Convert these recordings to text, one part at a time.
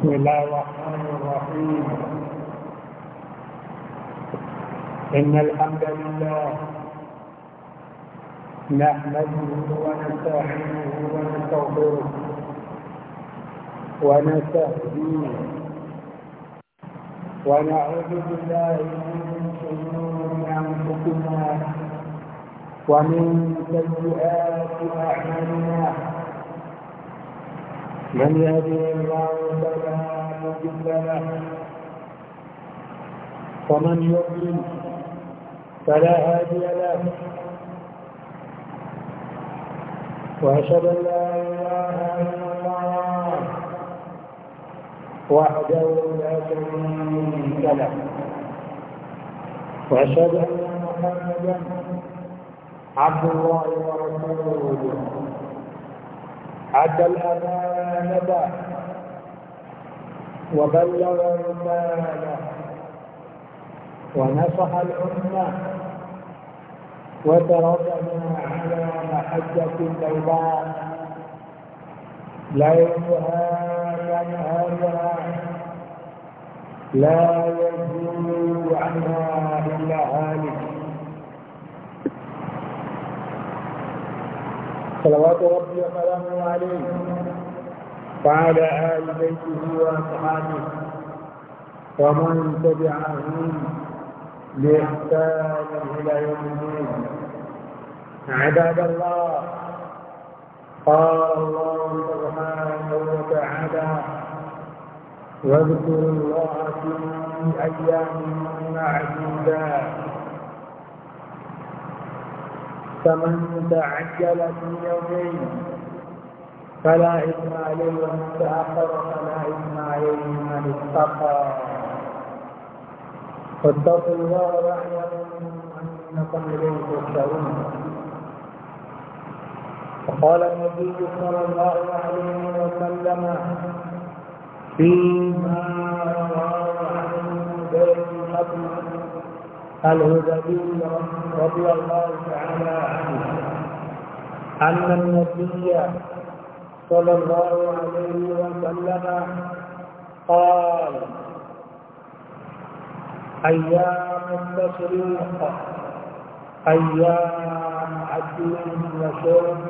بسم الله الرحمن الرحيم إن الحمد لله نحمده ونستعينه ونستغفره ونستهديه ونعوذ بالله من شرور أنفسنا ومن سيئات أعمالنا من يهدي الله فلا مضل له ومن يضلل فلا هادي له واشهد ان لا اله الا الله وحده لا شريك له واشهد ان محمدا عبد الله ورسوله أدى الأمانة وبلغ الرسالة ونصح الأمة وتركنا على محجة بيضاء ليلها كنهارها لا يزول عنها إلا هالك صلوات ربي وسلامه عليه وعلى آل بيته وأصحابه ومن تبعهم بإحسان إلى يوم الدين عباد الله قال الله سبحانه وتعالى واذكروا الله في أيام معدودات فمن تعجل في يومين فلا إثم عليه ومن تأخر فلا إثم عليه من اتقى واتقوا الله واعلموا أنكم إليه تحشرون وقال النبي صلى الله عليه وسلم فيما الهدبي رضي الله تعالى عنه أن النبي صلى الله عليه وسلم قال أيام التشريق أيام عدل وشرب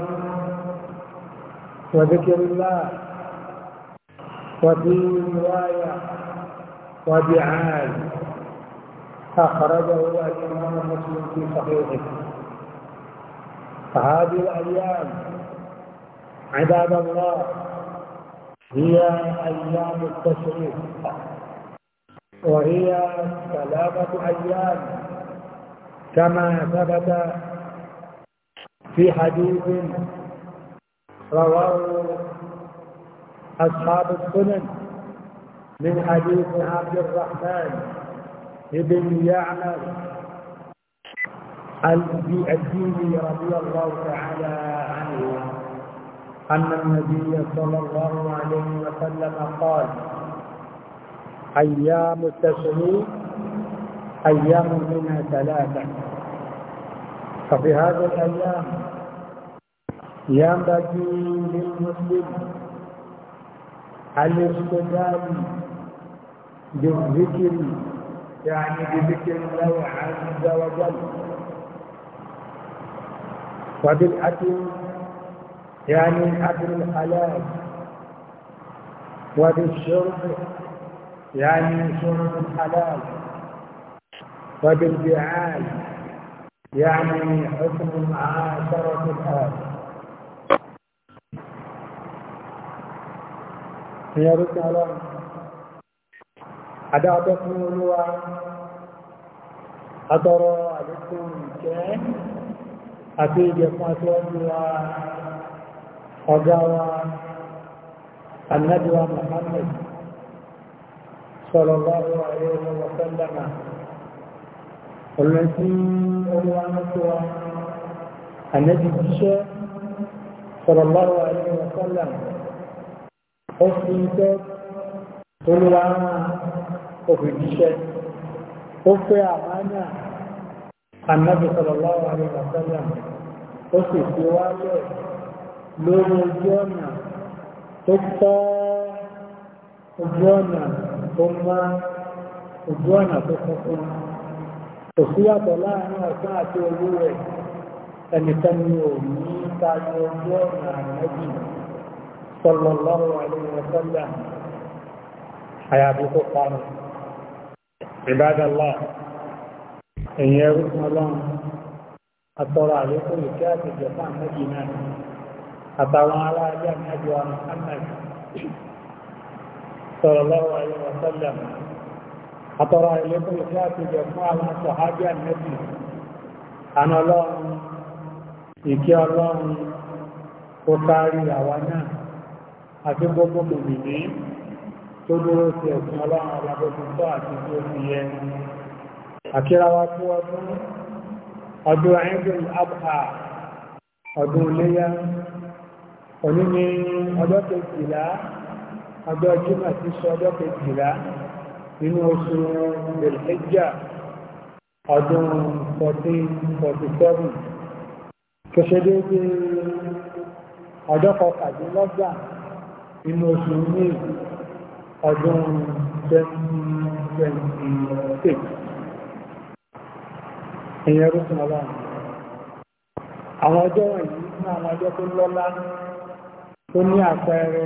وذكر الله وفي رواية ودعاء أخرجه الإمام مسلم في صحيحه فهذه الأيام عباد الله هي أيام التشريف وهي ثلاثة أيام كما ثبت في حديث رواه أصحاب السنن من حديث عبد الرحمن ابن يعمر الديني رضي الله تعالى عنه أن النبي صلى الله عليه وسلم قال أيام التشريق أيام منها ثلاثة ففي هذه الأيام ينبغي للمسلم الاشتغال بالذكر يعني بذكر الله عز وجل وبالأكل يعني أكل الحلال وبالشرب يعني شرب الحلال وبالبعال يعني حكم معاشرة الآن يا رسول الله adáwọ́dọ́ fún olúwa atọ́rọ àlékún ìkẹ́ àti ìjẹ̀kún àtọ́jú wa ọ̀gá wa annabi wa muhammad sallallahu alayhi wa sallam ọ̀rọ̀ tí olúwa mọ́tò wa annabi jíṣẹ́ sallallahu alayhi wa sallam ó fi tẹ́ olúwa òfìdíṣẹ́ ó fẹ́ àmánà ànábì sallallahu alaihi wa sallam ó sì fi wálẹ̀ lórí ojú ọ̀nà tó tọ́ ojú ọ̀nà tó máa ojú ọ̀nà tó funfun kò síyàtọ̀ láàrin ọ̀sán àti olú rẹ̀ ẹnikẹ́ni ò ní tayọ ojú ọ̀nà ànábì sallallahu alaihi wa sallam àyàbí tó parun Ibadallah ẹ̀yìn ẹrú fún ọlọ́run àtọrọ àlékún ìkẹ́ àtẹ̀jẹ̀ fún àmẹ́jì náà àtàwọn ará ajé àmẹ́jọ Muhammad sallallahu alaihi wa sallam àtọrọ àlékún ìkẹ́ àtẹ̀jẹ̀ fún àwọn sọ̀hábí àmẹ́jì àna ọlọ́run ìkẹ́ ọlọ́run kó kárí àwa náà àti gbogbo mòmìnir tó dúró sí ẹ̀sìn ọlọ́run alábọ́sítọ́ àti tí ó fi yẹ àkíráwá tí wọ́n tún ọdún ẹ̀ńdùn abha ọdún léyá òní ní ọjọ́ kejìlá ọjọ́ jímọ̀ tí sọ ọjọ́ kejìlá nínú oṣù belhijja ọdún 1447 tó ṣe ọjọ́ kọkàdínlọ́gbà nínú oṣù míì ọdún 2026 ìyẹn rúkùn ọlọ́run àwọn ọjọ́ wọ̀nyí ní àwọn ọjọ́ tó lọ́lá tó ní àpẹẹrẹ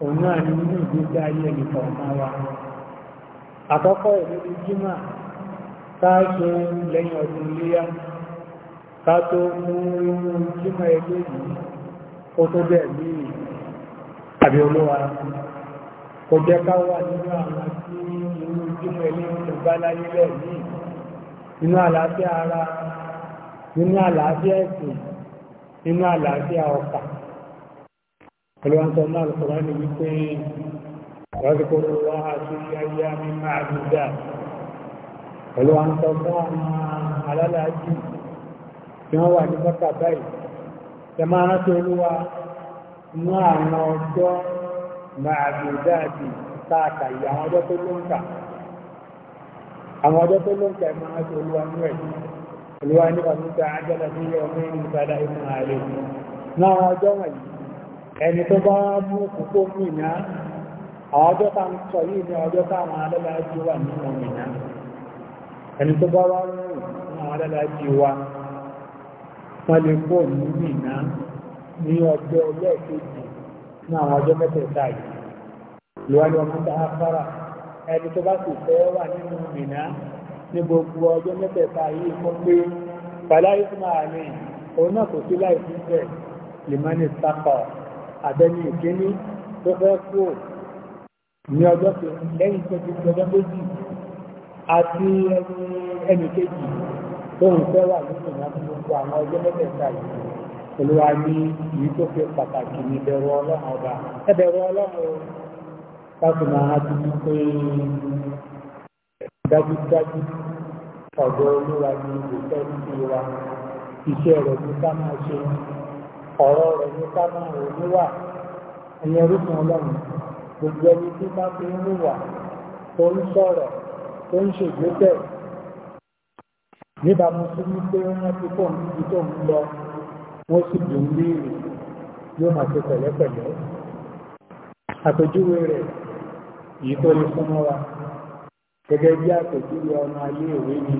òun náà ní ìgbésí ayé ẹnìkan máa wá àkọ́kọ́ jímà lẹ́yìn ọdún iléyá ká tó mú inú jímà ẹgbẹ́ yìí tó kò jẹ́ ká wà nínú àwọn tí irú ojúmọ̀ ilé ìlú bá láyé lẹ̀ ní inú àlàáfíà ara inú àlàáfíà ẹ̀sìn inú àlàáfíà ọkà olùwàntọ́ náà lọ́kọ̀ọ́ ní wípé lọ́dúnkọ̀ọ́ wá sí ayé àmì máa dúdà olùwàntọ́ fún àwọn alálàájì tí wọ́n wà ní bọ́tà báyìí tẹ máa rántí olúwa inú àwọn ọjọ́ máa bí dáàbì táàkà yìí àwọn ọjọ́ tó ló ń kà àwọn ọjọ́ tó ló ń kà ẹ̀ máa ṣe olúwa ní ẹ̀ olúwa ní ọ̀nùtà ajọ́lẹ̀ sí ọmọ ìlú padà inú ààrẹ náà àwọn ọjọ́ wọ̀nyí ẹni tó bá mú kókó mú àwọn ọjọ́ ní àwọn ọjọ́ mẹ́tẹ̀ẹ̀ta yìí lùwárí ọmọ tá a fara ẹni tó bá sì fẹ́ wà nínú Mínà ní gbogbo ọjọ́ mẹ́tẹ̀ẹ̀ta yìí fún pé pàláyé fún àmì òun náà kò sí láì fún bẹ́ẹ̀ lèmọ́nì sápà àbẹ́ni ìkíní tó fẹ́ kú ní ọjọ́ lẹ́yìn tó ti ọjọ́ méjì àti ẹni kejì tó ń fẹ́ wà nínú Mínà fún gbogbo àwọn ọjọ́ mẹ́tẹ̀ẹ̀ta yìí olúwa ní yìí tó fi pàtàkì ní ìbẹ̀rù ọlọ́run ọba ẹbẹ̀rù ọlọ́run láti máa ti ní pé dájúdájú ọ̀dọ̀ olúwa ní ìgbésẹ̀ sí wa iṣẹ́ rẹ̀ ní ká máa ṣe ọ̀rọ̀ rẹ̀ ní ká máa ẹ̀yẹ rúkun ọlọ́run gbogbo ẹni tí bá fi ń níwà tó ń sọ̀rọ̀ tó ń ṣègbésẹ̀ níbàámu sí wípé wọ́n ti fóun níbi tó ń lọ wọ́n sì dùn léèrè yóò máa ṣe pẹ̀lẹ́pẹ̀lẹ́ àpèjúwe rẹ̀ èyí tó lè fún wa gẹ́gẹ́ bí àpèjúwe ọmọ ayé ìwé ni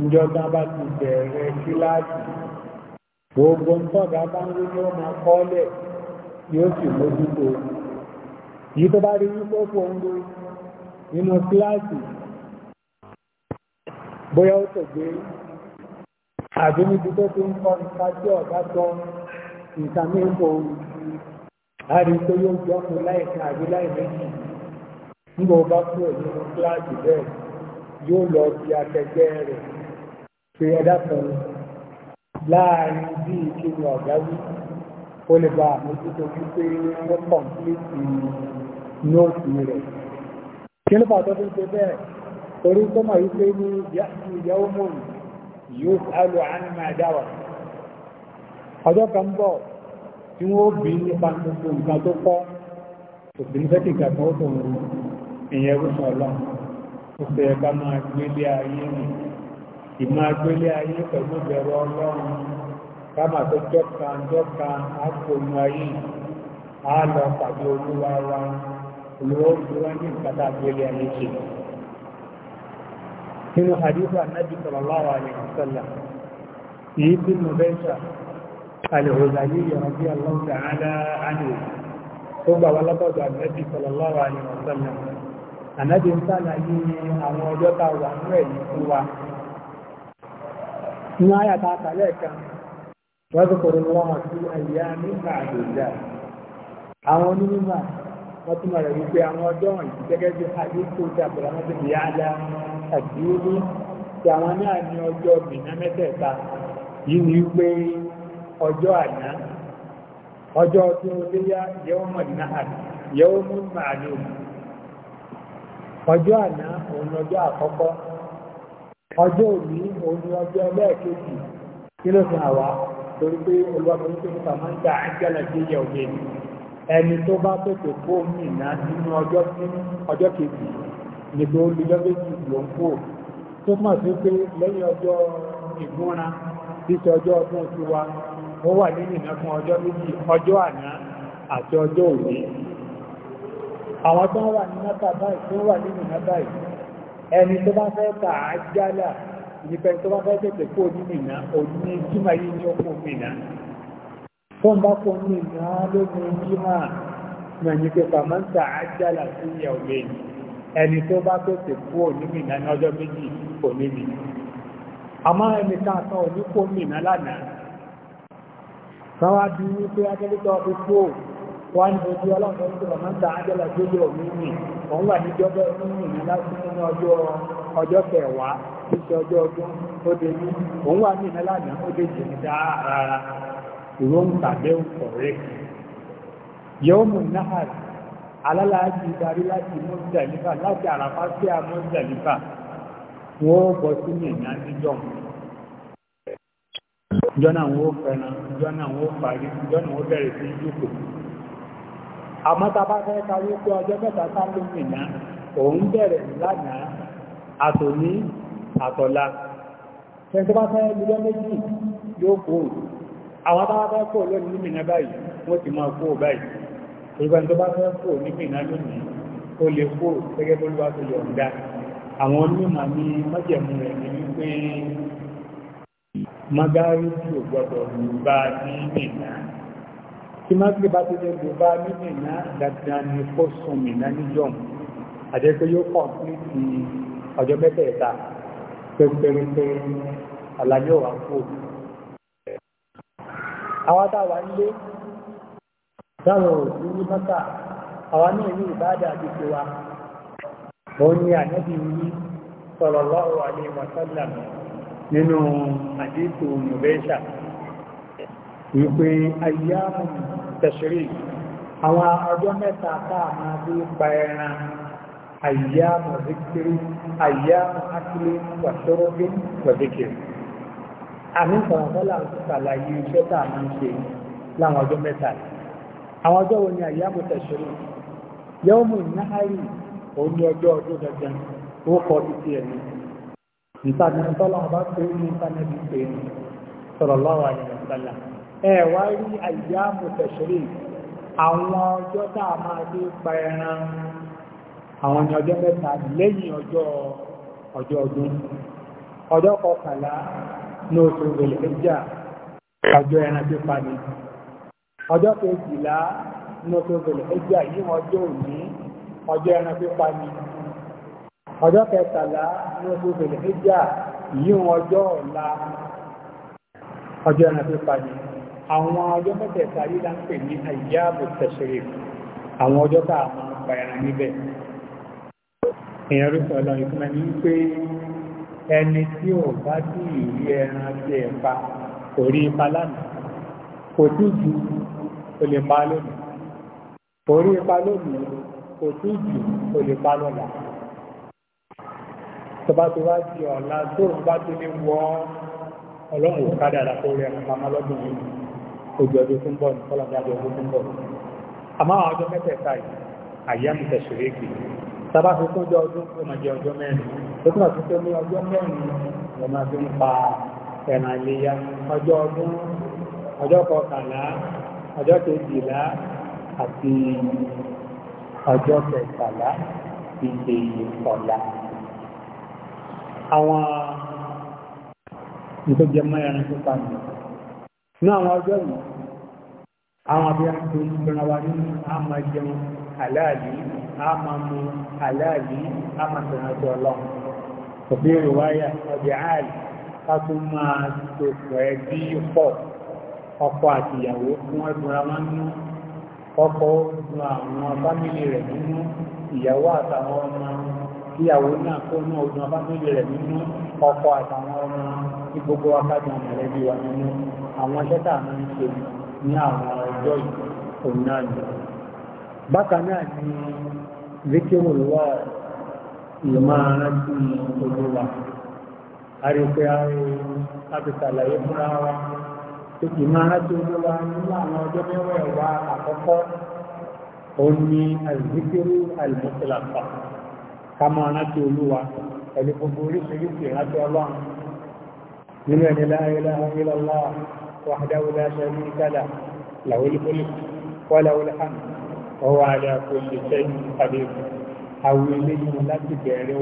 ìjọba bá ti bẹ̀rẹ̀ kíláàsì gbogbo ń tọ́gà bá ń rí yóò máa kọ́lẹ̀ yóò sì mójútó yìí tó bá rí wípé ó fòun ló nínú kíláàsì bóyá ó tògbé àbí níbi tó ti ń kọ́ nípa tí ọ̀gá sọ nǹkan ní ipò àrí tó yóò jọ fún láìka àbí láìmẹ́jì nígbà ó bá kúrò nínú kíláàsì bẹ́ẹ̀ yóò lọ bí akẹgbẹ́ rẹ̀ pé ẹ̀dá kan láàrin bí ìkíni ọ̀gá wí ó lè ba àmójútó wípé ó kọ̀ǹpìlìtì nóòtù rẹ̀ kí ló fà tó ṣe bẹ́ẹ̀ torí tó mọ̀ wípé ní ìyàwó mòrùn yúfàlù àmà dáwà ọjọ́ kan bọ̀ tí wọ́n bí nípa gbogbo nǹkan tó kọ́ òfin fẹ́ kìkà kan ó tó ń rú ìyẹn rúṣọ ọlọ́run ó fẹ́ ká máa gbélé ayé rìn ìmá gbélé ayé pẹ̀lú ìbẹ̀rù ọlọ́run nínú hadithu annabi sallallahu alaihi wasallam yìí tí mo bẹ́ṣà alìhùzàyí yàrùbí allahu ta'ala ánì tó gbà wá lọ́gbọ̀dọ̀ annabi sallallahu alaihi wasallam annabi ń sàlàyé àwọn ọjọ́ ta wà ń rẹ̀ yìí fún wa ní àyàtà àtàlẹ́ kan واذكروا الله في أيام معدودات àwọn onímọ̀ wọ́n túnmọ̀ rẹ̀ wípé àwọn ọjọ́ wọ̀nyí gẹ́gẹ́ bí hadith tó ṣe àbúrò wọn ti di àdúró tí àwọn náà ní ọjọ́ mìíná mẹ́tẹ̀ẹ̀ta yìí ni pé ọjọ́ àná ọjọ́ ọdún oléyá yẹ́wọ́ mọ̀dínà àti yẹ́wọ́ mú màálù ọjọ́ àná òun ọjọ́ àkọ́kọ́ ọjọ́ òní òun ọjọ́ ẹlẹ́ẹ̀kejì kí ló fi torí pé olúwàbọ̀lú tó yẹ ẹni tó bá tètè kó mìíràn nínú ọjọ́ kejì nìgbò olùjọ́ méjì ló ń kó tó mọ̀ sí pé lẹ́yìn ọjọ́ ìgbóná títí ọjọ́ ọdún tí wa ó wà nínú ìná fún ọjọ́ méjì ọjọ́ àná àti ọjọ́ òní àwọn tó ń wà ní náà báyìí tó wà nínú ìná báyìí ẹni tó bá fẹ́ tà á jálà ìpẹ́ tó bá fẹ́ tètè kó nínú ìná òní ẹni tó bá tètè kú òní mìíràn ní ọjọ́ méjì kò ní mi àmọ́ ẹni ká san òní kó lánàá wá di wípé kú wá ní ojú ọlọ́run tó lọ ń ta ájọ́lá tó òní òun wà ní òní láti ọjọ́ ọjọ́ kẹwàá ọjọ́ ọdún ó dé ní òun wà lánàá ó alálàájì darí láti mọ́sídẹ̀lífà láti àràfá sí àmọ́sídẹ̀lífà wọ́n bọ̀ sí ìrìn àjíjọ́ jọ́nà wọ́n fẹ́ràn jọ́nà wọ́n parí jọ́nà wọ́n bẹ̀rẹ̀ sí ìjókòó àmọ́tàbá fẹ́ ka wípé ọjọ́ mẹ́ta sálómìnà òun bẹ̀rẹ̀ lánàá àtòní àtọ̀la tẹ́ntẹ́ bá fẹ́ lọ́jọ́ méjì yóò kó àwọn bá fẹ́ kó lónìí nínú báyìí wọ́n ti máa kó báyìí ìgbà tó bá fẹ́ kò ní pìnà lónìí ó lè kó gẹ́gẹ́ bó lúwà tó yọ̀ ń dá àwọn onímọ̀ ní májẹ̀mú rẹ̀ ní wípé magari tí ò gbọdọ̀ lù bá ní mìnà tí má gbé bá tó lè lù bá ní mìnà dandan ni kó sùn mìnà níjọ́ àdẹ́gbẹ́ yóò kàn sí ti ọjọ́ mẹ́tẹ̀ẹ̀ta pẹ́pẹ́rẹ́pẹ́ àlàyé wà kó àwọn táwa ń lé táwọn òsì ní mọ́tà àwa náà ní ìbáàdà àdìsí wa òun ni ànábì yìí sallallahu alaihi wa sallam nínú àdìsí nùbẹ́ṣà wípé ayyamu tashrik àwọn ọjọ́ mẹ́ta táà máa bí pa ẹran ayyamu zikiri ayyamu akili wa shurbi wa zikiri àmì sọ̀rọ̀sọ́là ń sàlàyé iṣẹ́ táà ń ṣe láwọn ọjọ́ mẹ́ta yìí àwọn ọjọ́ wo ni àyàmù tẹ̀sírì yẹ́wọ́mù náhárì òun ní ọjọ́ ọdún dandan ó kọ́ títí ẹ̀mí ìtàní tọ́lọ́ ọba pé ní ìtànẹ́bí pé ní sallallahu alaihi wasallam ẹ wá rí àyàmù tẹ̀sírì àwọn ọjọ́ tá a máa fi pa ẹran àwọn ní ọjọ́ mẹ́ta lẹ́yìn ọjọ́ ọjọ́ ọdún ọjọ́ kọkànlá ní oṣù Dhul Hijjah ọjọ́ ẹran pípa ni ọjọ́ kejìlá nọ́tòbẹ̀lẹ̀ ẹjọ́ yìí ọjọ́ òní ọjọ́ ẹran pípa ni ọjọ́ kẹtàlá nọ́tòbẹ̀lẹ̀ ẹjọ́ yìí ọjọ́ ọ̀la ọjọ́ ẹran pípa ni àwọn ọjọ́ mẹ́tẹ̀ẹ̀ta yìí là ń pè ní àyíyáàbò tẹ̀sẹ̀rẹ̀ àwọn ọjọ́ tá a máa gba ẹran níbẹ̀ èèyàn rí sọ̀rọ̀ kò tí jù o lè pa lónìí orí ipa lónìí kò tí jù o lè pa lọ́la tọba tó wá di ọ̀la tó ń bá tó lè wọ ọlọ́run òkádà àdàpọ̀ rẹ̀ pamọ́ lọ́dún yìí ojú ọdún tó ń bọ̀ ní kọ́lọ̀dá ọdún tó ń bọ̀ àmọ́ àwọn ọjọ́ mẹ́tẹ̀ẹ̀ta yìí àyè àmì tẹ̀sùrẹ́ kì í sábà fi kún jọ ọdún tó máa jẹ ọjọ́ mẹ́rin tó túnbà tó tó ní ọjọ́ mẹ́rin lọ fi ń pa ẹ̀ràn àlèyá ọjọ́ ọdún ọjọ́ kọkànlá ọjọ́ kejìlá àti ọjọ́ kẹtàlá ti ṣe ọ̀la àwọn ìtọ́jẹ mẹ́rin tó pa nù ní àwọn ọjọ́ yìí àwọn abẹ́rẹ́ tó ń gbọ́nra wa nínú àmà jẹun àláàlì àmà mu àláàlì àmà tẹ̀rántí ọlọ́run òbí ìrìwáyà ọjà àlì ká tún máa tòkò ẹbí pọ̀ ọkọ àti ìyàwó fún ẹgbùnra máa ń ọkọ nu àwọn fámìlì rẹ̀ nínú ìyàwó àtàwọn ọmọ ìyàwó náà kó náà ó rẹ̀ ọkọ àtàwọn ọmọ ní gbogbo wákàtí mọ̀lẹ́bí wa nínú àwọn iṣẹ́ a máa ń ṣe ní àwọn ọjọ́ yìí bákan náà tó kì máa rájò olúwa nínú àwọn ọjọ́ mẹ́wẹ̀ẹ̀wá àkọ́kọ́ ó ní àìsíkérú àìmọ́sílàpá ká máa rájò olúwa pẹ̀lú gbogbo oríṣiríṣi rájò ọlọ́run nínú ẹni la ilaha illallah wahdahu la sharika lahu lahul mulku wa lahul hamd wa huwa ala kulli shay'in qadir àwọn eléyìí láti bẹ̀rẹ̀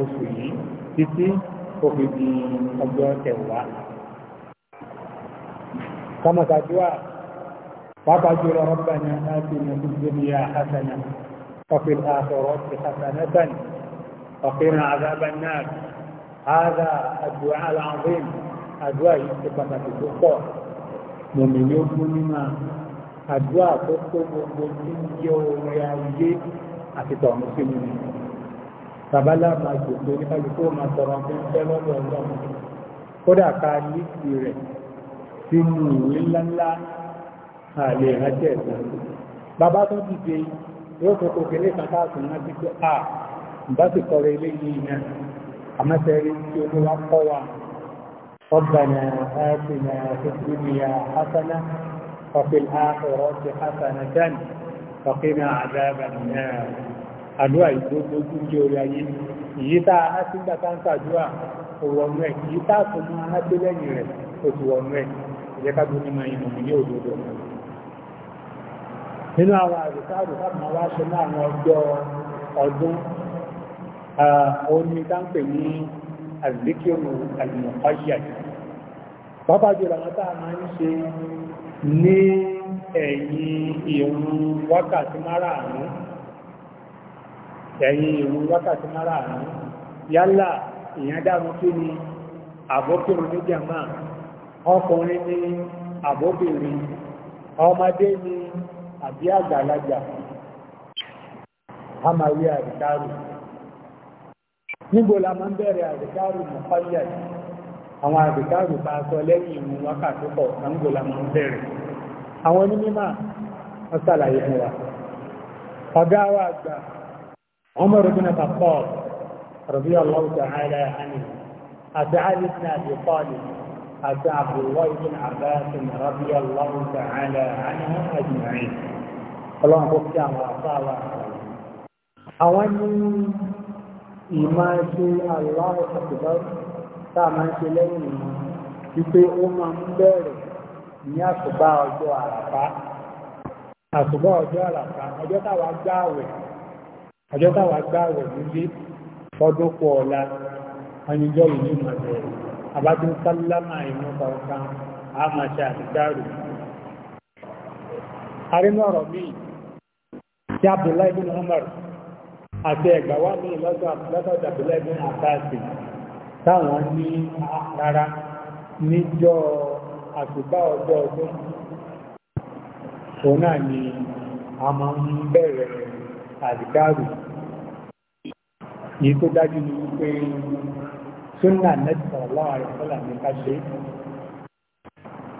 kama tàdúwà pàápàá jùlọ rabbana atina fid dunya hasana wa fil akhirati hasanatan wa qina adhaban nar hadha ad-du'a al-azim àdúrà yìí ti pàtàkì tó pọ̀ mọ̀mí ni ó fún nínú àdúrà tó tó gbogbo tí ń jẹ́ orí ayé àti tọ̀run sí mi. Bàbálá máa Kódà ká ní ìrẹ̀ sínú ìwé ńláńlá àlè ìrántí ẹ̀sán bàbá tó dìde yóò tó kò kéré kan káàkiri náà ti pé à bá sì kọrọ ilé yìí iná àmọ́sẹ̀rí tí olúwa kọ́ wa ọgbàna àtìnà ìdúnìyà hasana ọ̀fìn àkọrọ̀ ti hasana dání ọ̀fìnà àdáàbà náà àdúrà ìgbógbó tó jẹ́ orí ayé ìyí tá a hásí tó lẹ́yìn rẹ̀ òtùwọ̀n rẹ̀ jẹ́ ká dúró nínú ìmọ̀ ní òdodo nínú àwọn àrùsáàrù sáàmà wá ṣe láàrin ọjọ́ ọdún òní táǹpè ní àzíkírù àlùmọ̀kọ́yàjì pápá jùlọ àwọn táà máa ń ṣe ní ẹ̀yìn ìrun wákàtí márààrún ẹ̀yìn ìrun wákàtí márààrún yálà ìyẹn kí ni àbókírun ní jàmáà ọkùnrin ni àbóbìnrin ọmọdé ni àbí àgbàlagbà a máa rí àríkárù níbo la máa ń bẹ̀rẹ̀ àríkárù mọ̀kọ́lẹ̀ àwọn àríkárù bá sọ lẹ́yìn ìmú wákàtí pọ̀ níbo la máa ń bẹ̀rẹ̀ àwọn onímọ̀ wọ́n sàlàyé fún wa ọ̀gá wa àgbà ọmọ rògbìnà pàpọ̀ rọ̀bí ọlọ́wọ́ àti àlè àti Abdullahi ibn Abbas radiyallahu ta'ala anhu ajma'in àwọn a máa ń ṣe lẹ́yìn wípé ó máa ń bẹ̀rẹ̀ ní àsùbá ọjọ́ ọjọ́ ọjọ́ gbáwẹ̀ ọjọ́ gbáwẹ̀ nílé pọ̀ ọ̀la ìlú ìmọ̀ bẹ̀rẹ̀ àbájú sálámà ìlú kọ̀ọ̀kan a máa ṣe àtìgbárò arínú ọ̀rọ̀ míì tí Abdullahi bin Umar àti ẹ̀gbàwá ní lọ́sọ̀dọ̀ Abdullahi bin àtàṣì táwọn ní rárá níjọ́ àtìgbà ọjọ́ ọdún òun náà ni a máa ń bẹ̀rẹ̀ àtìgbárò yìí tó dájú ni wípé súnà Nabi sallallahu alaihi wasallam ní ká ṣe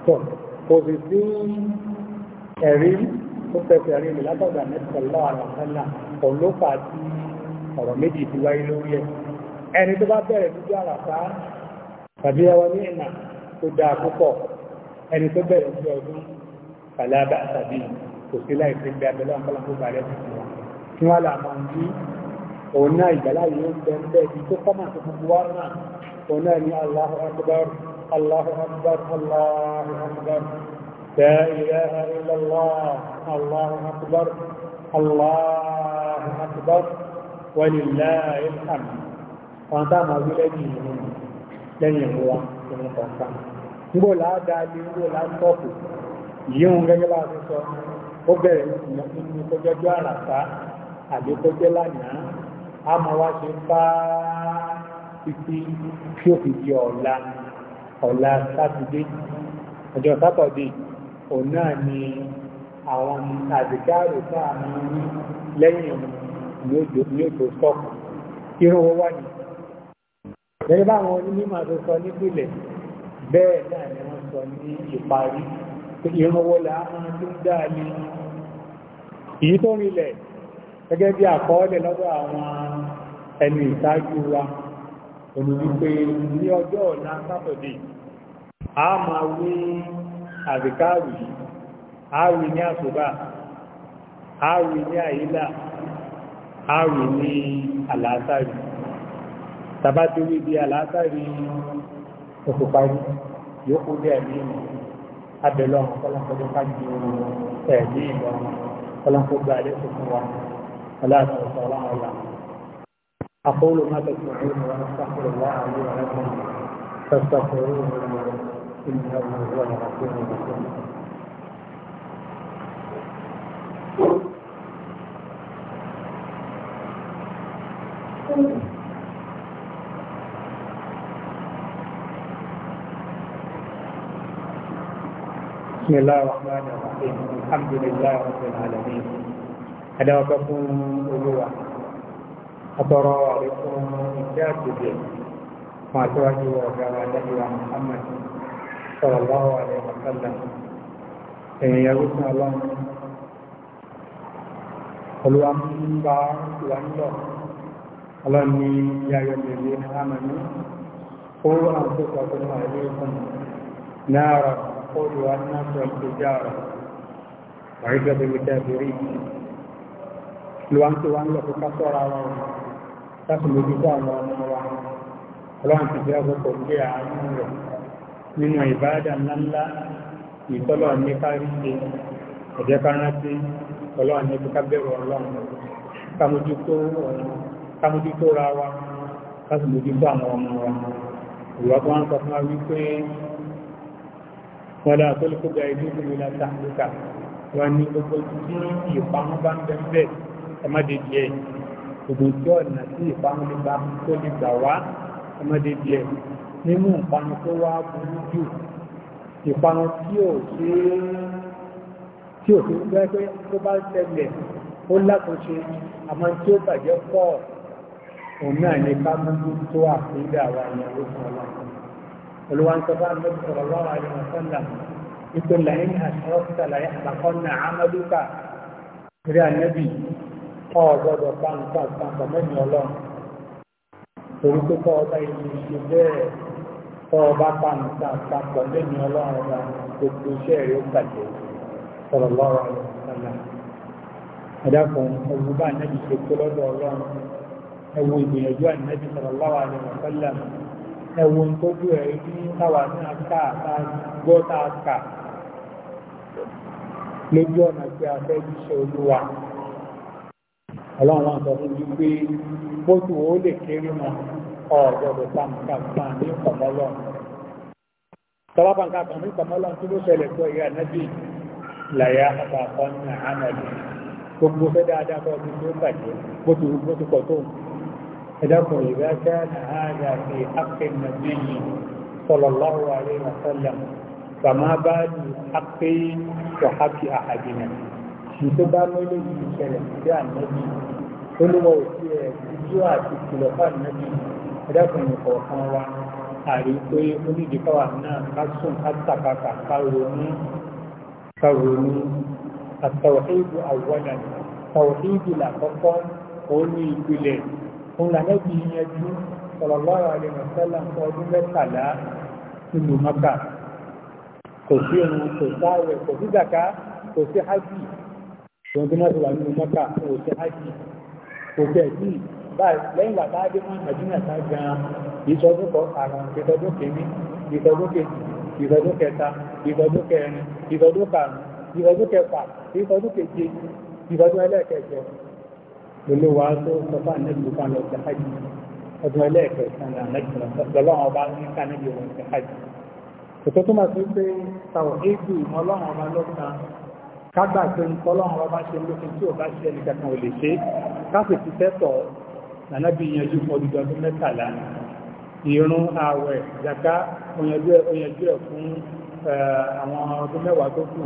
tó kò sì sí ẹ̀rí tó fẹsẹ̀ rí mi látọ̀gbà nẹ́tì sallallahu alaihi wasallam òun ló fà á sí ọ̀rọ̀ méjì ti wáyé lórí ẹ̀ ẹni tó bá bẹ̀rẹ̀ dúdú àràfá tàbí ẹwọ ní ìmà tó dáa púpọ̀ ẹni tó bẹ̀rẹ̀ sí ọdún kàlábà tàbí kò sí láì fi gbé abẹ́lẹ́ ọ̀pọ̀lọpọ̀ balẹ̀ tuntun wọn kí wọ́n là máa ń bí òun náà ìgbàlá yìí ń bẹ ń bẹ ibi tó kọ́mà tó gbogbo wa náà òun náà ni Allahu akbar Allahu akbar Allahu akbar la ilaha illallah Allahu akbar Allahu akbar wa lillahil hamd wọn tá máa wí lẹ́yìn ìlú lẹ́yìn ìlú wa ìlú kọ̀ọ̀kan ńgbò láàdá ní ńgbò láàtọ́pù yìí ń gẹ́gẹ́ bá a ti sọ ó bẹ̀rẹ̀ nínú kọjọ́jọ́ àràfá àbíkọjẹ́ lánàá a máa wá ṣe fá títí kí ó fi di ọ̀la ọ̀la sátidé ọjọ́ sátọ̀dé òun náà ni àwọn àdìgáàrò tá a máa ń rí lẹ́yìn ní òjò sọ́kù irun owó wà ní. Gẹ́gẹ́ bá àwọn onímọ̀ tó sọ nípìnlẹ̀ bẹ́ẹ̀ náà ni wọ́n sọ ní ìparí irun owó là á máa ń dá lé. Èyí tó gẹ́gẹ́ bí àkọọ́lẹ̀ lọ́dọ̀ àwọn ẹni ìṣáájú wa òní wípé ní ọjọ́ ọ̀la sátọ̀dé a máa wí àbíkáàwì àwì ní àsùbá àwì ní àyílà àwì ní àlàásàrì tàbátí wí bí àlàásàrì òkùparí yóò kú bí ẹ̀mí ìmọ̀ abẹ̀lọ́ àwọn فلا تنسوا الله الله أقول ما تسمعون وأستغفر الله لي ولكم فاستغفروه إنه هو الغفور الرحيم بسم الله الرحمن الرحيم الحمد لله رب العالمين adáwọ́pẹ́ fún olúwa ọ̀tọ̀rọ̀ rẹ̀ fún ìjẹ́ àtúgbẹ̀ fún àtúwájú ọ̀gá adájúwa Muhammad sallallahu alaihi wa sallam ẹ̀yìn yàrá fún ọlọ́run olúwa ń bá wà ń lọ ọlọ́run ní yàrá mẹ́rin hàmàní ó àkókò ọdún àìlẹ́kùn náà rà kó lùwà náà sọ ìjẹ́ àrà wàrí gẹ́gẹ́ ló wá ń tó wá ń lọ fún pásọ ara wọn láti mójútó àwọn ọmọ wa ọlọ́run ti fẹ́ ọgbọ́pọ̀ pé àánú rẹ̀ nínú ìbáradà ńláńlá ìtọ́lọ̀ ní kárí ṣe ẹ̀jẹ̀ kárántí ọlọ́run ní kíkà bẹ̀rù ọlọ́run kámójútó ra wa láti mójútó àwọn ọmọ wa ìwà tó ń sọ fún wa wípé wọ́n dá tó lè kó gba ìlú ìlú ìlú ẹmọdé díẹ̀ ògbòjì ọ̀nà tí ìpanu lè bá tó lè gbà wá ẹmọdé díẹ̀ nínú ìpanu tó wá burú jù ìpanu tí ò ṣe tí ò fi gbẹ́ pé tó bá tẹ̀lẹ̀ ó lákòóṣe àmọ́ tí ó bàjẹ́ pọ̀ òun náà ní ká mú tó àfihàn àwọn ìyàwó kan wá olùwà ń sọ bá mẹ́bí sọ̀rọ̀ lọ́wọ́ àdìmọ̀ sọ́là ìpè lẹ́yìn àṣọ́ọ̀tà àbàkọ́ náà ámọ́dúkà rí ànẹ́bì ọ̀gbọ́dọ̀ pàǹkà pàǹkà mẹ́rin ọlọ́run torí pé kọ́ ọba ìlú ṣe bẹ́ẹ̀ kọ́ ọba pàǹkà pàǹkà mẹ́rin ọlọ́run ọba gbogbo iṣẹ́ rẹ̀ ó bàjẹ́ sọ̀rọ̀ lọ́rọ̀ ọ̀la ẹ̀dàkùn ẹ̀wù bá ànábì ṣe tó lọ́dọ̀ ọlọ́run ẹ̀wù ìgbìyànjú ànábì sọ̀rọ̀ lọ́wọ́ àlẹ́ ọ̀sálà ẹ̀wù ọlọ́run wọn sọ fún mi pé bójú wo lè kéré mọ ọ̀gbọ̀dọ̀ sàmùkà ní kọ̀mọ́lọ́ tọ́lábàǹkà ní kọ̀mọ́lọ́ tí ló ṣẹlẹ̀ pé ìyá nẹ́bí làyà àtàkọ́ ní àhánàlì gbogbo fẹ́ dáadáa bọ́ ọdún tó ń bàjẹ́ kì í tó bá mélòó yìí ṣẹlẹ̀ sí ànábì tó ló wọ òsì ẹ̀ ojú àti ìkìlọ̀ fún ànábì ẹ̀dẹ́kùnrin kọ̀ọ̀kan wa àrí pé onídìí káwà náà ká sùn ká tàkàkà ká ronú ká ronú àtàwọ̀hídù àwọ̀dà tàwọ̀hídù làkọ́kọ́ òun ní ìpìlẹ̀ òun lànàbì yanjú sallallahu alaihi wasallam ọdún mẹ́tàlá nínú Mákà kò sí ohun kò sáwẹ̀ kò sí zàká kò sí hájì ṣùgbọ́n tí wọ́n ti wà nínú mọ́kà kò tẹ́ lẹ́yìn wà táájú mọ́ nàìjíríà tá gan ìṣọdún kọ àrùn ìṣọdún kìíní ìṣọdún kejì ìṣọdún kẹta ìṣọdún kẹrin ìṣọdún karùn ìṣọdún kẹfà ìṣọdún keje ìṣọdún ẹlẹ́ẹ̀kẹjọ lolo wa tó kágbà pé ń tọ́lọ́run ọba ṣe lófin tí ò bá ṣe ẹnìkankan ò lè ṣe káfí ti tẹ́tọ̀ nànábì yanjú fún ọdún ọdún mẹ́tàlá ìrún ààwẹ̀ zaka oyanjú ẹ̀ fún àwọn ọdún mẹ́wàá tó kù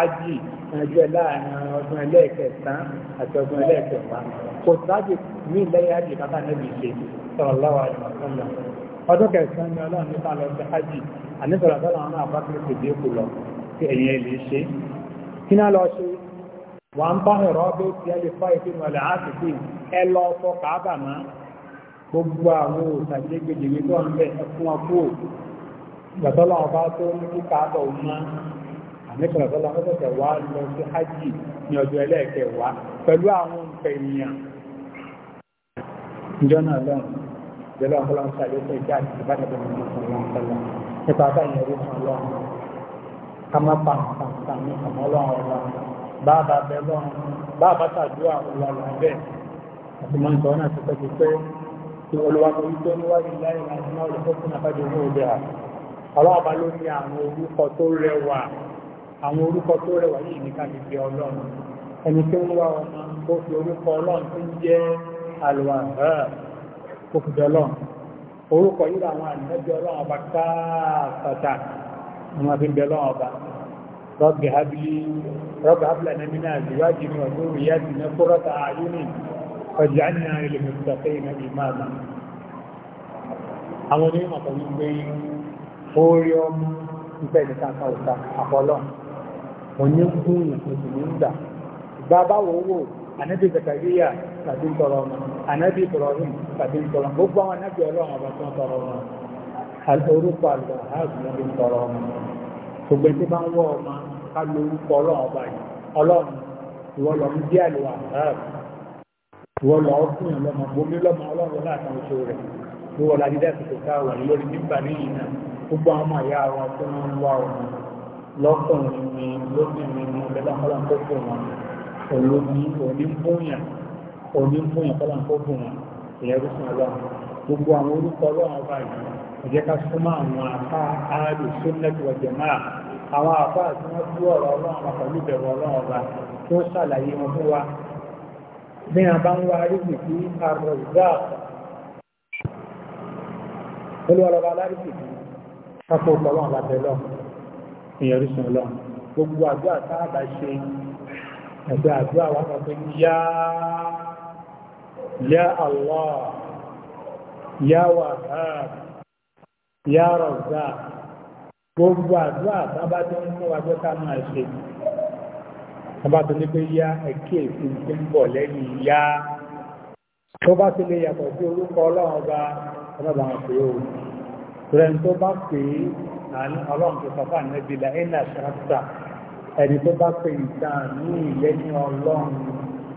ájì oyanjú ẹ̀ láàrin ọdún ẹlẹ́ẹ̀kẹsàn àti ọdún ẹlẹ́ẹ̀kẹwàá kò sáájì ní ilẹ̀ ájì bàbá nàbì ṣe sallallahu alaihi wasallam ọdún kẹsàn ni ọlọ́run nípa lọ sí ájì àníṣọ̀rọ̀ sọ́lọ́run náà bá kí kí náà ṣe wà ń bá ẹ̀rọ ọbẹ̀ tí ẹ lè fọ́ ìpinnu ọ̀lẹ̀ àtìkì ẹ lọ fọ́ kàábà gbogbo àwọn òṣàjẹ́ gbèdéwé tó ń ọba tó ní àmì wá lọ sí hajj ní ọjọ́ pẹ̀lú àwọn ènìyàn ìjọ náà lọ́run jẹ́lọ́ ọ̀pọ̀lọpọ̀ ṣàlẹ́ ká má pa nǹkan kan ní ọmọ ọlọ́run ọ̀la bàbá bẹ lọ́run bàbá tàdúrà ọ̀la là bẹ́ẹ̀ àti mọ́ nǹkan náà ti pẹ́ ti pẹ́ tí olúwa kò ní tó níwájú láyé láti náà lè fọ́ fún abájọ ní òde à ọlọ́run bá ló ní àwọn orúkọ tó rẹwà àwọn orúkọ tó rẹwà yìí ní ká fi fi ọlọ́run ẹni tí ó ń wá ọmọ ó fi orúkọ ọlọ́run tó ń jẹ́ àlùwàhà kó fi jọ ọlọ́run orúkọ yìí làwọn àlùmọ́jọ ọlọ́run ọba káàkàtà wọ́n máa fi ń bẹ lọ́wọ́ ọba rọ́bì hábìlẹ̀ náà nínú àzíwájì ní ọdún ríyájì ní kúrọ́ta àyúnì ọjà ní àrílẹ̀ mẹ́tàfẹ́ iná ìmáàmà àwọn onímọ̀ kan ní pé orí ọmọ ìfẹ́ ìdíkàkà òta àpọ̀lọ́ onígbóyìn oṣù ní ìgbà bàbá wòwò anábì zakariya tàbí tọrọ ọmọ anábì ibrahim tàbí gbogbo àwọn anábì ọlọ́run ọba tọrọ ọmọ orúkọ àlọ́ ààbò ní tọrọ ọmọ ṣùgbọ́n tí bá ń wọ ọmọ ká lo orúkọ ọlọ́run ọba yìí ọlọ́run ìwọ lọ bí àlọ́ ààbò ìwọ lọ fún yàn lọmọ bomi lọmọ ọlọ́run láti oṣù rẹ̀ ìwọ la dídá ìsìnkú káwọn lórí nígbà níyì náà gbogbo àwọn ọmọ ìyá wọn tó ń wá ọmọ lọ́kùnrin ni lóbìnrin ni ọ̀bẹ̀lọ́kọ́lá kó fún wọn òní fún gbogbo àwọn orúkọ ọlọ́run ọba yìí ẹ̀jẹ̀ ká súnmọ́ àwọn àfa àádùn sunnah wa jamaa àwọn àfa àti wọn tú ọ̀rọ̀ ọlọ́run ọba pẹ̀lú ìbẹ̀rù ọlọ́run ọba tó ṣàlàyé wọn fún wa bí wọn bá ń wá arígbì sí àròzá olúwalọba alárígbì sí kápò ọlọ́run ọba tẹ̀lọ́ ìyẹrùsùn ọlọ́run gbogbo àdúrà tá a bá ṣe ẹ̀gbẹ́ àdúrà wa sọ pé yá yá Allah ya Wahhab ya Razzaq gbogbo àdúrà tábà tó ń mú wájú ká máa ṣe tábà tó ní pé yá ẹ̀kí èsì tó ń bọ̀ lẹ́yìn yá tó bá ti lè yàtọ̀ sí orúkọ ọlọ́run ọba ọlọ́ba wọn pé o rẹ̀ tó bá pè é ọlọ́run tó sọ fún ànábì la ẹ̀nà ṣáàtà ẹni tó bá pè nǹkan ní ìlẹ́yìn ọlọ́run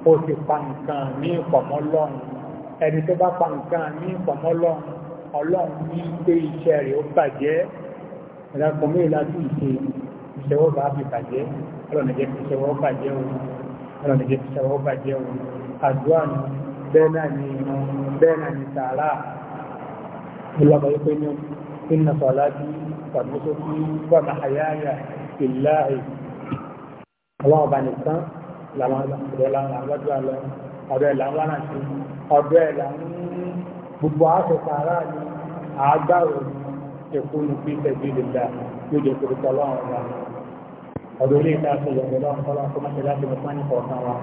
ó ti pa nǹkan ní ìpamọ́ ẹni tó bá pa nǹkan ní ìpamọ́ ọlọ́run ọlọ́run ní pé iṣẹ́ rẹ̀ ó bàjẹ́ ìdàkùnmí láti ìṣe ìṣẹ́wọ́ bá fi bàjẹ́ ọlọ́run jẹ́ fi ṣẹ́wọ́ bàjẹ́ o ọlọ́run jẹ́ fi ṣẹ́wọ́ bàjẹ́ o àdúrà ni bẹ́ẹ̀ náà ni bẹ́ẹ̀ náà ni sàárà ìlọ́gbà yìí pé ọ̀dọ̀ ẹ̀ là ń gbogbo àṣẹta ara ni àágbàrò ẹ̀kọ́ olùgbé tẹ̀gbé lè dà yóò jẹ́ kó tọ́ lọ́wọ́ wa ọ̀dọ̀ ilé ìta ṣe yọ̀dọ̀ lọ́wọ́ kọ́lá kó má ṣe láti mọ̀ pání kọ̀ọ̀kan wa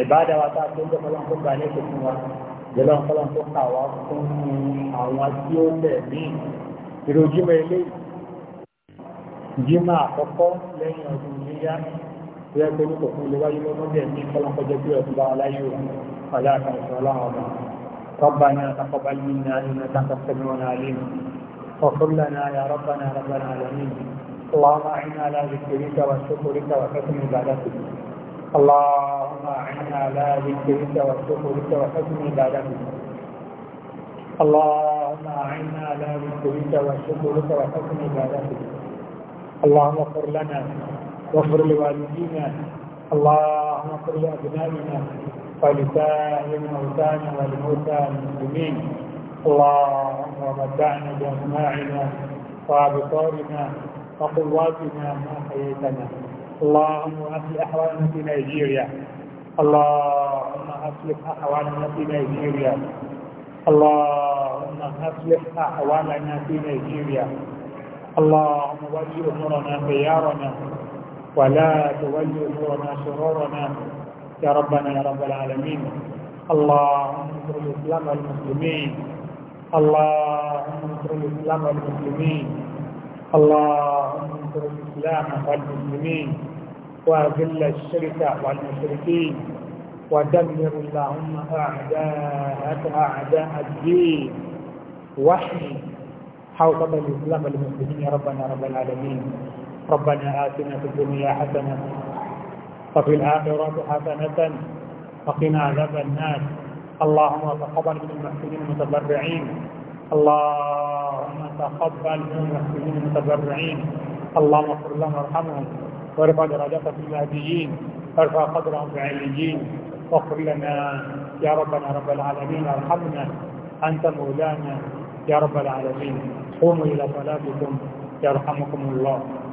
ìbáda wa tá a tó ń dọ́kọ́ lọ́wọ́ kó gbà ní ìṣẹ̀kùn wa ìjọba ọ̀kọ́lá tó àkọ́kọ́ lẹ́yìn ọdún iléyà tó yẹ kó ní kò fún ilé wáyé ní kọ́lá kọjá bí ọdún bá wọn láyé òun صلاة وسلام ربنا تقبل منا انك انت السميع العليم وقل لنا يا ربنا رب العالمين اللهم اعنا على ذكرك وشكرك وحسن عبادتك اللهم اعنا على ذكرك وشكرك وحسن عبادتك اللهم اعنا على ذكرك وشكرك وحسن عبادتك اللهم اغفر لنا واغفر لوالدينا اللهم اغفر لابنائنا ولسائر الموتان والموتى المسلمين اللهم ومتعنا بأسماعنا وأبصارنا وقواتنا ما حييتنا اللهم أصلح أحوالنا في نيجيريا اللهم أصلح أحوالنا في نيجيريا اللهم أصلح أحوالنا في نيجيريا اللهم ولي أمورنا خيارنا ولا تولي أمورنا شرورنا يا ربنا يا رب العالمين اللهم انصر الإسلام والمسلمين اللهم انصر الإسلام والمسلمين اللهم انصر الإسلام والمسلمين وأذل الشرك والمشركين ودمر اللهم أعداءك أعداء الدين واحمي حوضة الإسلام والمسلمين يا ربنا يا رب العالمين ربنا آتنا في الدنيا حسنة وفي الآخرة حسنة وقنا عذاب النار اللهم تقبل من المحسنين المتبرعين اللهم تقبل من المحسنين المتبرعين اللهم اغفر لهم وارحمهم وارفع درجاتهم في المهديين وارفع قدرهم في العليين واغفر لنا يا ربنا رب العالمين ارحمنا انت مولانا يا رب العالمين قوموا الى صلاتكم يرحمكم الله